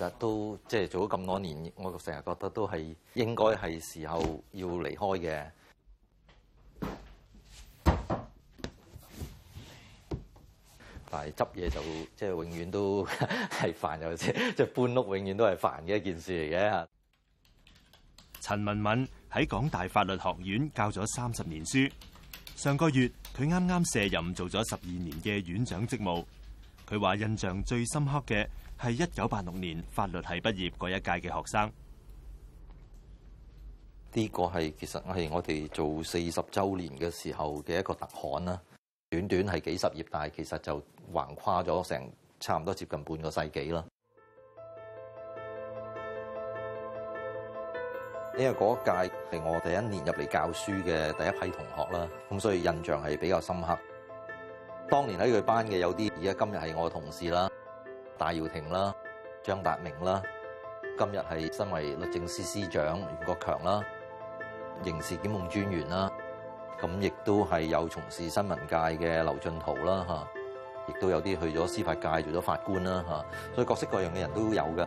其實都即係做咗咁多年，我成日覺得都係應該係時候要離開嘅。但係執嘢就即係永遠都係煩，又即係搬屋永遠都係煩嘅一件事嚟嘅。陳文敏喺港大法律學院教咗三十年書，上個月佢啱啱卸任做咗十二年嘅院長職務。佢話印象最深刻嘅係一九八六年法律系畢業嗰一屆嘅學生，呢個係其實係我哋做四十周年嘅時候嘅一個特刊啦。短短係幾十頁，但係其實就橫跨咗成差唔多接近半個世紀啦。因為嗰一屆係我第一年入嚟教書嘅第一批同學啦，咁所以印象係比較深刻。當年喺佢班嘅有啲，而家今日係我嘅同事啦。戴耀廷啦，張達明啦，今日係身為律政司司長袁國強啦，刑事檢控專員啦，咁亦都係有從事新聞界嘅劉進圖啦，吓，亦都有啲去咗司法界做咗法官啦，吓，所以各式各樣嘅人都有嘅。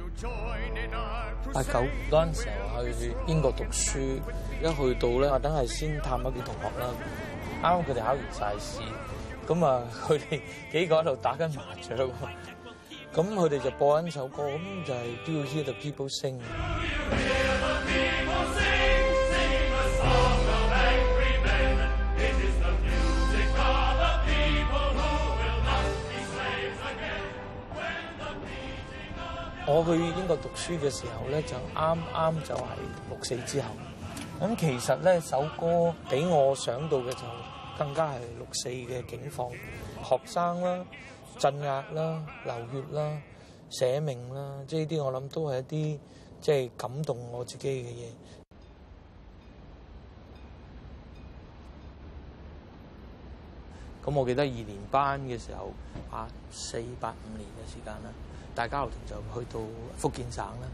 阿九嗰陣時候去英國讀書，一去到咧，我等係先探一啲同學啦。啱啱佢哋考完晒試，咁啊，佢哋幾個喺度打緊麻雀，咁佢哋就播緊首歌，咁就係、是《Do You Hear The People Sing》。我去英國讀書嘅時候咧，就啱啱就係六四之後。咁其實呢首歌俾我想到嘅就更加係六四嘅境況，學生啦、鎮壓啦、流血啦、捨命啦，即係呢啲我諗都係一啲即係感動我自己嘅嘢。咁我記得二年班嘅時候，啊四八五年嘅時間啦。大家後同就去到福建省啦。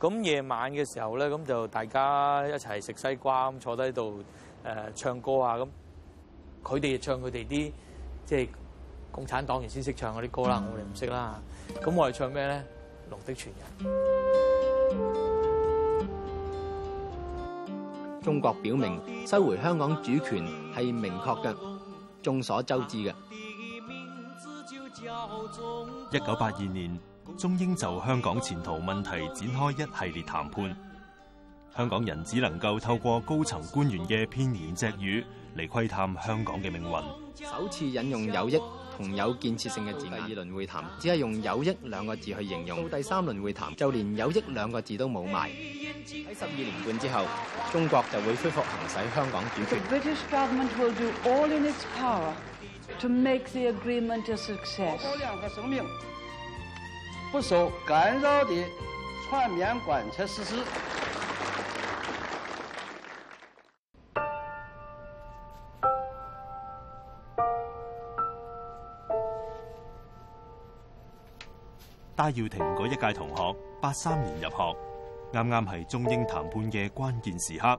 咁夜晚嘅時候咧，咁就大家一齊食西瓜，咁坐低喺度誒唱歌啊咁。佢哋唱佢哋啲即係共產黨員先識唱嗰啲歌啦，我哋唔識啦。咁我係唱咩咧？《龍的傳人》。中國表明收回香港主權係明確嘅，眾所周知嘅。一九八二年，中英就香港前途問題展開一系列談判。香港人只能夠透過高層官員嘅片言隻語嚟窺探香港嘅命運。首次引用有益同有建設性嘅字眼。第二輪會談只係用有益兩個字去形容。到第三輪會談，就連有益兩個字都冇埋。喺十二年半之後，中國就會恢復行使香港主權。to make the agreement a success. 保持質量和生命不受干擾的全面貫徹實施。戴耀廷嗰一屆同學，八三年入學，啱啱係中英談判嘅關鍵時刻。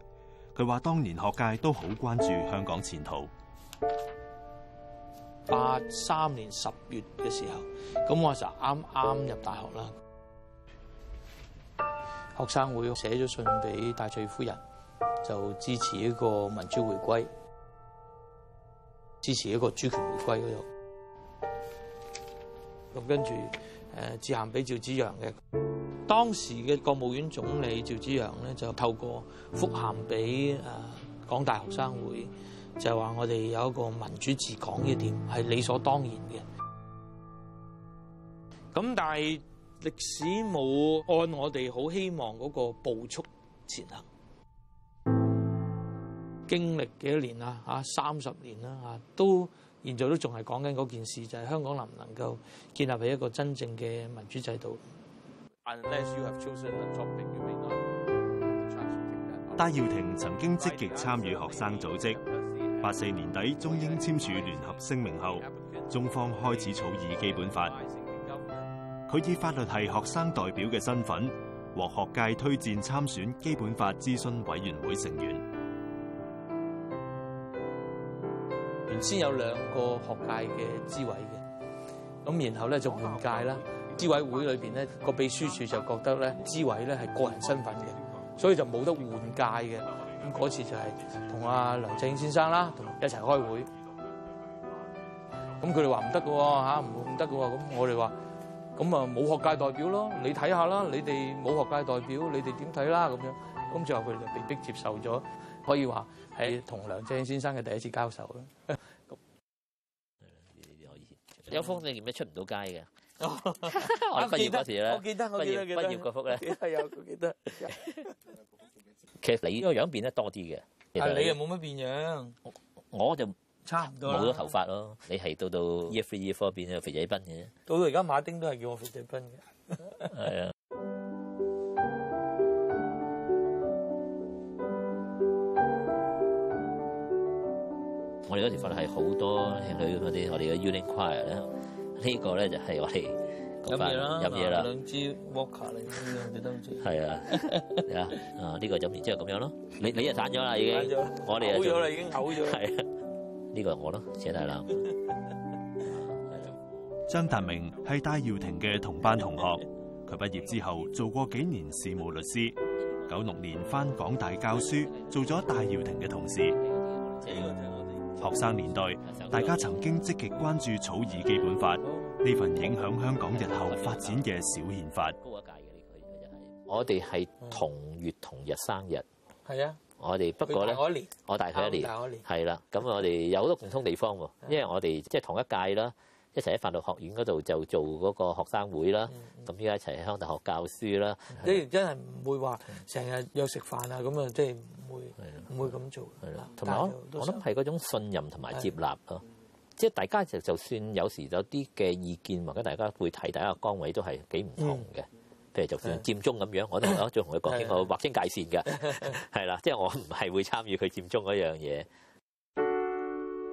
佢話當年學界都好關注香港前途。八三年十月嘅時候，咁我嗰陣啱啱入大學啦，學生會寫咗信俾戴翠夫人，就支持一個民主回歸，支持一個主權回歸嗰度。咁跟住誒致函俾趙紫陽嘅，當時嘅國務院總理趙紫陽咧就透過覆函俾誒港大學生會。就係、是、話我哋有一個民主治港嘅一點係理所當然嘅。咁但係歷史冇按我哋好希望嗰個步速前行。 經歷幾多年，啦嚇三十年啦嚇，都現在都仲係講緊嗰件事，就係、是、香港能唔能夠建立起一個真正嘅民主制度。 戴耀廷曾經積極參與學生組織。八四年底，中英簽署聯合聲明後，中方開始草擬基本法。佢以法律系學生代表嘅身份，獲學界推薦參選基本法諮詢委員會成員。原先有兩個學界嘅諮委嘅，咁然後咧就換屆啦。諮委會裏邊咧個秘書處就覺得咧，諮委咧係個人身份嘅。所以就冇得換界嘅，咁嗰次就係同阿梁振英先生啦，同一齊開會。咁佢哋話唔得㗎喎，唔唔得㗎喎，咁我哋話，咁啊冇學界代表咯，你睇下啦，你哋冇學界代表，你哋點睇啦咁樣。咁最後佢哋被逼接受咗，可以話係同梁振英先生嘅第一次交手啦。有方正點解出唔到街嘅？ 我記得，我記得，我記得。畢業畢業嗰幅咧，係有記得。其實你個樣變得多啲嘅。你又冇乜變樣，我就差唔多。冇咗頭髮咯。你係到到 Year Three Year Four 變咗肥仔賓嘅。到到而家，馬丁都係叫我肥仔賓嘅。係啊。我哋嗰時法系好多靚女嗰啲，我哋嘅 Union Choir 咧。呢個咧就係我哋飲嘢啦，飲嘢啦，兩支 Walker 嚟，兩支都唔啊，啊呢個飲完之後咁樣咯。你你又慘咗啦已經，我哋又走咗啦已經，走 咗。係、這、啊、個，呢個我咯，謝大林。張達明係戴耀廷嘅同班同學，佢畢業之後做過幾年事務律師，九六年翻港大教書，做咗戴耀廷嘅同事。 學生年代，大家曾經積極關注《草擬基本法》呢份影響香港日後發展嘅小憲法。高一屆嘅呢個就係我哋係同月同日生日，係啊！我哋不過咧，我大佢一年，係啦。咁我哋有好多共通地方喎，因為我哋即係同一屆啦。一齊喺法律學院嗰度就做嗰個學生會啦，咁依家一齊喺香港大學教書啦。你、嗯、真係唔會話成日又食飯啊咁啊，即係唔會唔會咁做。係啦，同埋我我諗係嗰種信任同埋接納咯、啊嗯。即係大家其實就算有時有啲嘅意見，或者大家會睇大家嘅崗位都係幾唔同嘅、嗯。譬如就算佔中咁樣，我都我再同佢講，我，講的我會劃清界線㗎，係啦， 即係我唔係會參與佢佔中嗰樣嘢。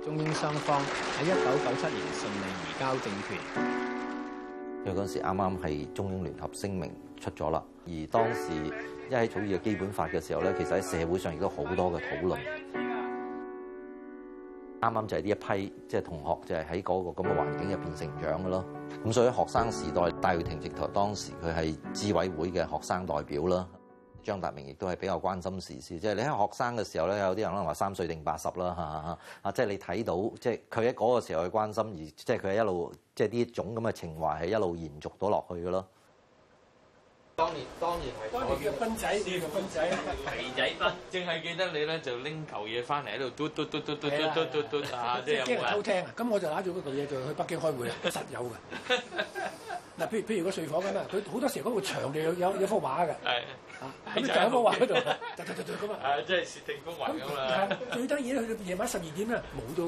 中英雙方喺一九九七年順利移交政權，因為嗰陣時啱啱係中英聯合聲明出咗啦，而當時一喺草擬嘅基本法嘅時候咧，其實喺社會上亦都好多嘅討論。啱啱就係呢一批即係、就係、同學，就係喺嗰個咁嘅環境入邊成長嘅咯。咁所以學生時代戴耀廷直頭當時佢係支委會嘅學生代表啦。張達明亦都係比較關心時事，即係你喺學生嘅時候咧，有啲人可能話三歲定八十啦嚇啊，即係你睇到，即係佢喺嗰個時候去關心，而即係佢一路即係呢種咁嘅情懷係一路延續到落去嘅咯。當年當年係當年叫斌仔，叫斌仔，叫皮仔，淨係 記得你咧，就拎嚿嘢翻嚟喺度嘟嘟嘟嘟嘟嘟嘟嘟嘟啊！即係有偷聽啊？咁我就攞住嗰嚿嘢就去北京開會啊！實有嘅。嗱，譬如譬如個睡房咁啊，佢好多時嗰個牆地有有幅畫嘅，啊，佢就喺幅畫嗰度 就就就咁 啊，即係設定幅畫咁啊。是 最得意去到夜晚十二點咧，冇到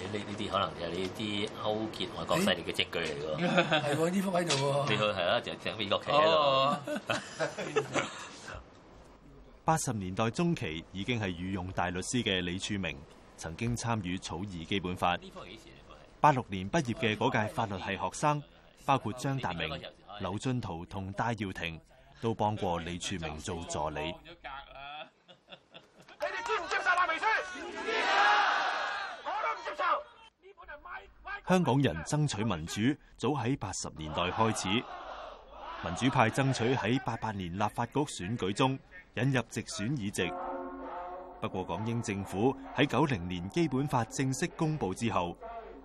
你呢呢啲可能就係呢啲勾結外國勢力嘅證據嚟嘅。係喎，呢幅喺度喎。啦， 就就美國八十年代中期已經係御用大律師嘅李柱銘，曾經參與草擬基本法。八六年畢業嘅嗰屆法律系學生。 包括張達明、劉進圖同戴耀廷都幫過李柱銘做助理。香港人爭取民主早喺八十年代開始，民主派爭取喺八八年立法局選舉中引入直選議席。不過港英政府喺九零年基本法正式公佈之後。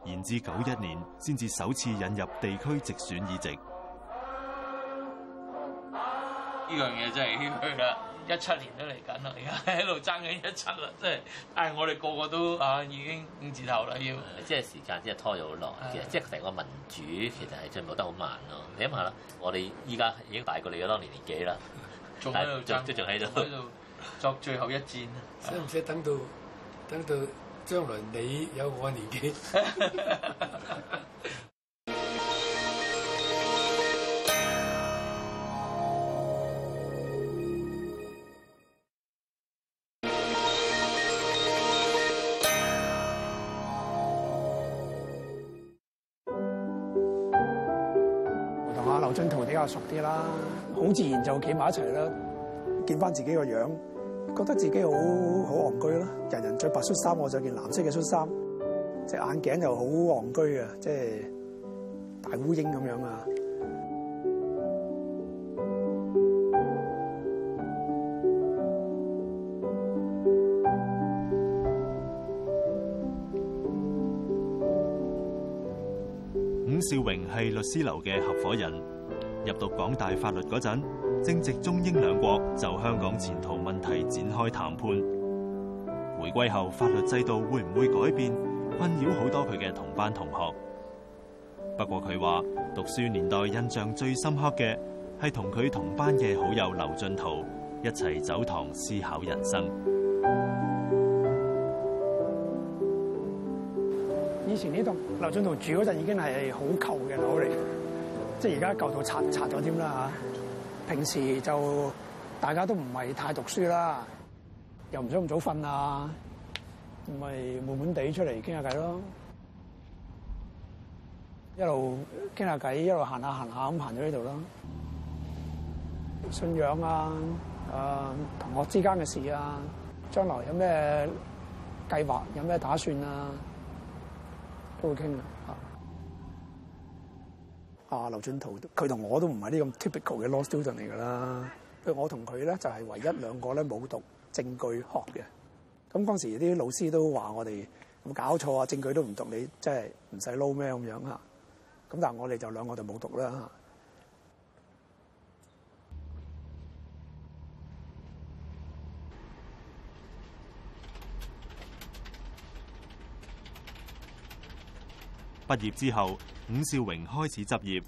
延至九一年，先至首次引入地區直選議席。呢樣嘢真係唏噓啦！一七年都嚟緊啦，而家喺度爭緊一七啦，即係唉！我哋個個都啊，已經五字頭啦，要。即係時間，即係拖咗好耐嘅，其實，即係成個民主其實係進步得好慢咯。你諗下啦，我哋依家已經大過你嘅當年年紀啦。仲喺度爭，仲喺度喺度作最後一戰。使唔使等到等到？等到將來你有我年紀 ，我同阿劉進圖比較熟啲啦，好自然就企埋一齊啦，見翻自己個樣。覺得自己好好憨居咯，人人着白恤衫，我着件藍色嘅恤衫，隻眼鏡又好憨居啊。即係大烏蠅咁樣啊！伍兆榮係律師樓嘅合夥人，入讀港大法律嗰陣，正值中英兩國就香港前途問題展開談判，回歸後法律制度會唔會改變，困擾好多佢嘅同班同學。不過佢話，讀書年代印象最深刻嘅係同佢同班嘅好友劉進圖一齊走堂思考人生。以前呢度劉進圖住嗰陣已經係好舊嘅樓嚟，即係而家舊到拆拆咗添啦平時就大家都唔係太讀書啦，又唔想咁早瞓啊，咪悶悶地出嚟傾下偈咯。一路傾下偈，一路行下行下咁行到呢度啦。信仰啊，誒、啊、同學之間嘅事啊，將來有咩計劃，有咩打算啊，都傾。啊！劉進圖，佢同我都唔係啲咁 typical 嘅 law student 嚟㗎啦。譬如我同佢咧就係唯一兩個咧冇讀證據學嘅。咁當時啲老師都話我哋咁搞錯啊，證據都唔讀，你即係唔使撈咩咁樣嚇。咁但係我哋就兩個就冇讀啦嚇。畢 業之後，伍少榮開始執業，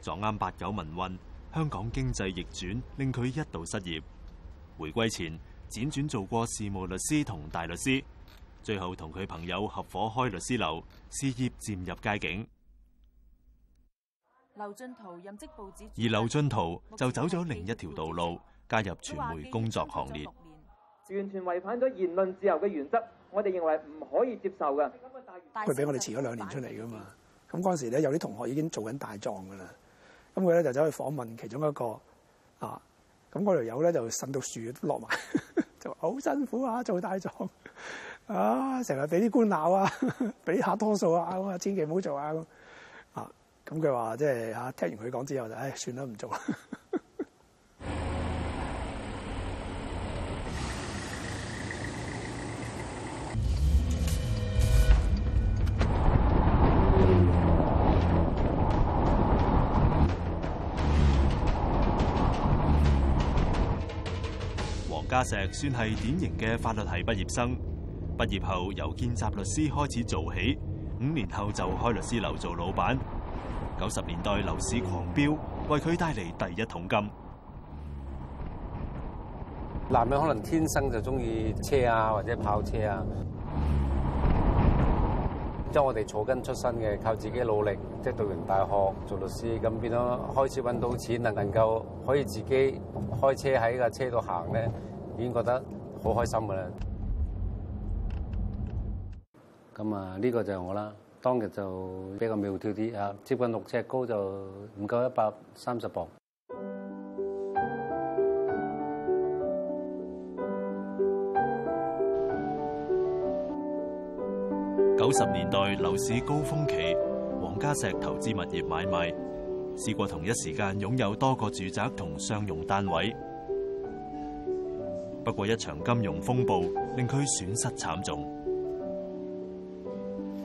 撞啱八九民運，香港經濟逆轉，令佢一度失業。回歸前，輾轉做過事務律師同大律師，最後同佢朋友合夥開律師樓，事業漸入佳境。劉進圖任職報紙。而劉進圖就走咗另一條道路，加入傳媒工作行列。完全違反咗言論自由嘅原則。我哋認為唔可以接受嘅，佢俾我哋遲咗兩年出嚟噶嘛。咁嗰陣時咧，有啲同學已經做緊大狀噶啦。咁佢咧就走去訪問其中一個啊。咁嗰條友咧就呻到樹都落埋， 就話好辛苦啊，做大狀啊，成日俾啲官鬧啊，俾下多數啊，咁啊，千祈唔好做啊。啊，咁佢話即係啊，聽完佢講之後就唉、哎，算啦，唔做啦。嘉石算係典型嘅法律系畢業生，畢業後由見習律師開始做起，五年後就開律師樓做老闆。九十年代樓市狂飆，為佢帶嚟第一桶金。男人可能天生就中意車啊，或者跑車啊。即係我哋坐根出身嘅，靠自己努力，即係讀完大學做律師，咁變咗開始揾到錢，能能夠可以自己開車喺架車度行咧。已經覺得好開心嘅咧。咁啊，呢個就我啦。當日就比較苗條啲啊，接近六尺高就唔夠一百三十磅。九十年代樓市高峰期，黃家石投資物業買賣，試過同一時間擁有多個住宅同商用單位。不過一場金融風暴令佢損失慘重。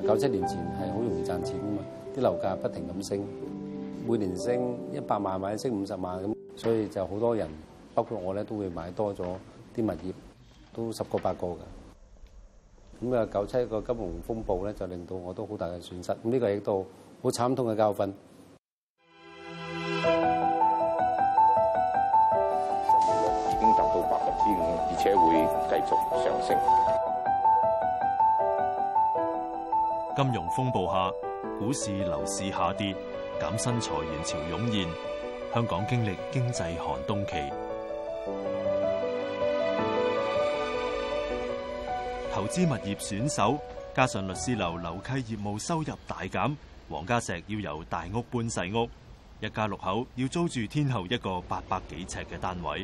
九七年前係好容易賺錢㗎嘛，啲樓價不停咁升，每年升一百萬，或者升五十萬咁，所以就好多人，包括我咧都會買多咗啲物業，都十個八個㗎。咁啊，九七個金融風暴咧就令到我都好大嘅損失。咁呢個亦都好慘痛嘅教訓。金融風暴下，股市樓市下跌，減薪裁員潮湧現，香港經歷經濟寒冬期。投資物業選手加上律師樓樓契業務收入大減，王家石要由大屋搬細屋，一家六口要租住天后一個八百幾尺嘅單位。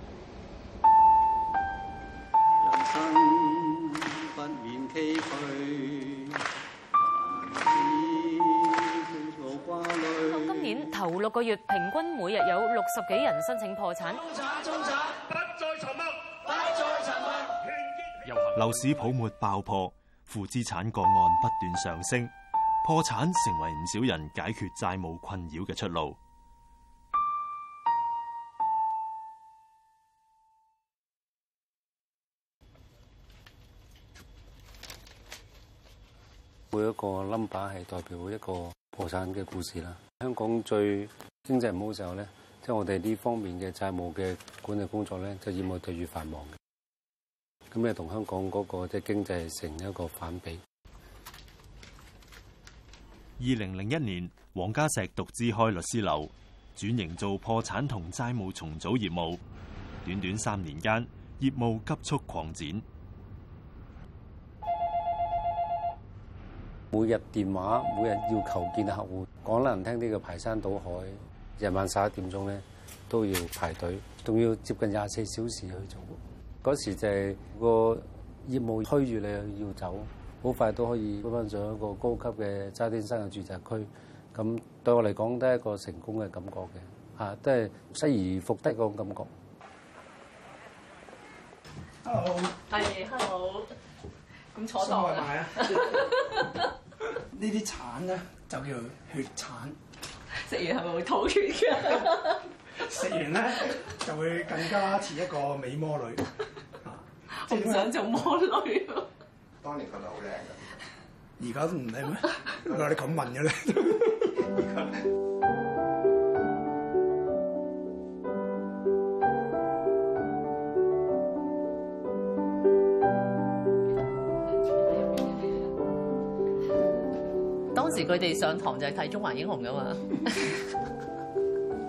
六個月平均每日有六十幾人申請破產。中產，中產，不再沉默，不再沉默。樓市泡沫爆破，負資產個案不斷上升，破產成為唔少人解決債務困擾嘅出路。每一個 number 係代表一個破產嘅故事啦。香港最經濟唔好嘅時候咧，即係我哋呢方面嘅債務嘅管理工作咧，就業務就越繁忙嘅。咁咧同香港嗰個即係經濟成一個反比。二零零一年，王家石獨資開律師樓，轉型做破產同債務重組業務。短短三年間，業務急速擴展。每日電話，每日要求見客戶，講難聽啲叫排山倒海，夜晚十一點鐘咧都要排隊，仲要接近廿四小時去做。嗰時就係個業務推住你要走，好快都可以搬翻上一個高級嘅揸天生嘅住宅區。咁對我嚟講都係一個成功嘅感覺嘅，嚇、啊、都係失而復得嗰種感覺。Hello，係，Hello，咁坐坐啊。這些呢啲橙咧就叫做血橙，食完係咪會吐血嘅？食 完咧就會更加似一個美魔女，仲、 啊、想做魔女咯、啊。當年個女好靚㗎，而家都唔靚咩？嗱， 你咁問嘅咧。佢哋上堂就係睇《中華英雄的 》噶嘛，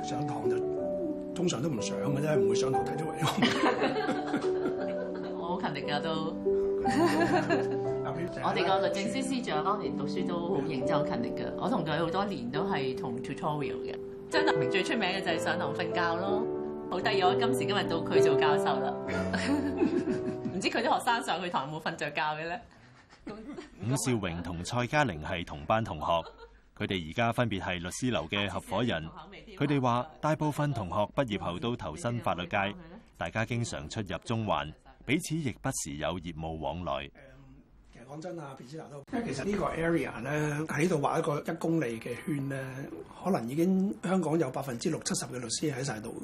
上堂就通常都唔上嘅啫，唔會上堂睇《中華英雄的》 我很的。我好勤力噶都， 我哋個律政司司長當 年讀書都好認真好勤力噶，我同佢好多年都係同 tutorial 嘅。張達明最出名嘅就係上堂瞓覺咯，好得意啊！我今時今日到佢做教授啦，唔 知佢啲學生上去堂有冇瞓着覺嘅咧？伍兆榮同蔡嘉玲係同班同學，佢哋而家分別係律師樓嘅合夥人。佢哋話，大部分同學畢業後都投身法律界，大家經常出入中環，彼此亦不時有業務往來。其實講真啊，皮斯蘭都其實呢個 area 呢，喺度畫一個一公里嘅圈呢，可能已經香港有百分之六七十嘅律師喺晒度。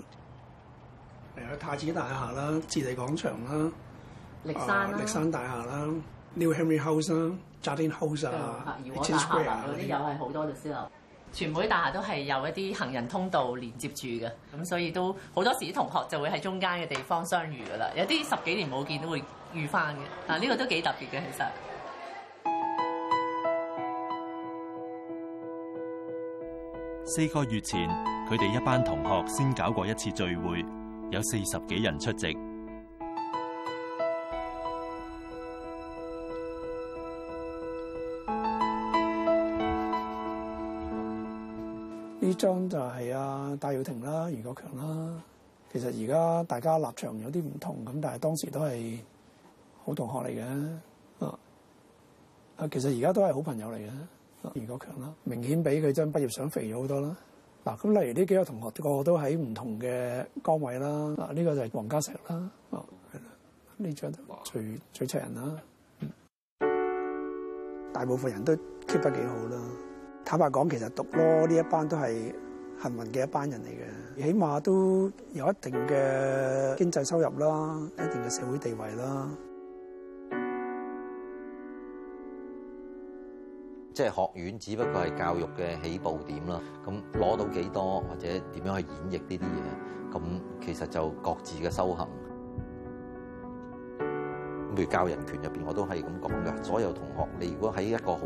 嚟去太子大廈啦，置地廣場啦、呃，歷山歷山大廈啦。New Henry House 啊，Jardine House 啊 o n Square 嗰啲，又係好多律師樓。全區大廈都係有一啲行人通道連接住嘅，咁所以都好多時啲同學就會喺中間嘅地方相遇㗎啦。有啲十幾年冇見都會遇翻嘅，啊，呢個都幾特別嘅其實。四個月前，佢哋一班同學先搞過一次聚會，有四十幾人出席。張就係阿戴耀廷啦、袁國強啦，其實而家大家立場有啲唔同咁，但係當時都係好同學嚟嘅。啊，啊，其實而家都係好朋友嚟嘅。啊，袁國強啦，明顯比佢張畢業相肥咗好多啦。嗱、啊，咁例如呢幾個同學個個都喺唔同嘅崗位啦，啊，呢、這個就係黃家石啦，啊，係啦，呢張就最最出人啦。啊嗯，大部分人都 keep 得幾好啦。坦白講，其實讀 law，呢一班都係幸運嘅一班人嚟嘅，起碼都有一定嘅經濟收入啦，一定嘅社會地位啦。即係學院，只不過係教育嘅起步點啦。咁攞到幾多，或者點樣去演繹呢啲嘢，咁其實就各自嘅修行。佢教人權入邊，我都係咁講嘅。所有同學，你如果喺一個好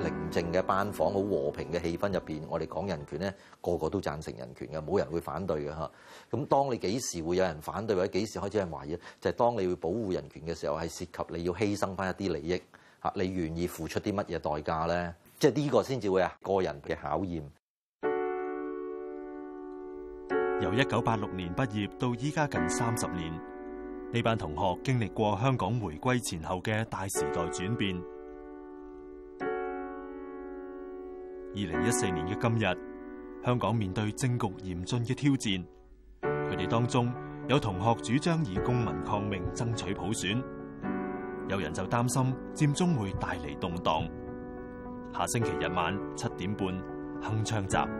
寧靜嘅班房、好和平嘅氣氛入邊，我哋講人權呢，個個都贊成人權嘅，冇人會反對嘅嚇。咁當你幾時會有人反對，或者幾時開始有人懷疑就係當你會保護人權嘅時候，係涉及你要犧牲返一啲利益嚇，你願意付出啲乜嘢代價呢？即係呢個先至會係個人嘅考驗。由一九八六年畢業到依家近三十年。呢班同學經歷過香港回歸前後嘅大時代轉變。二零一四年嘅今日，香港面對政局嚴峻嘅挑戰。佢哋當中有同學主張以公民抗命爭取普選，有人就擔心佔中會帶嚟動盪。下星期日晚七點半，鏗鏘集。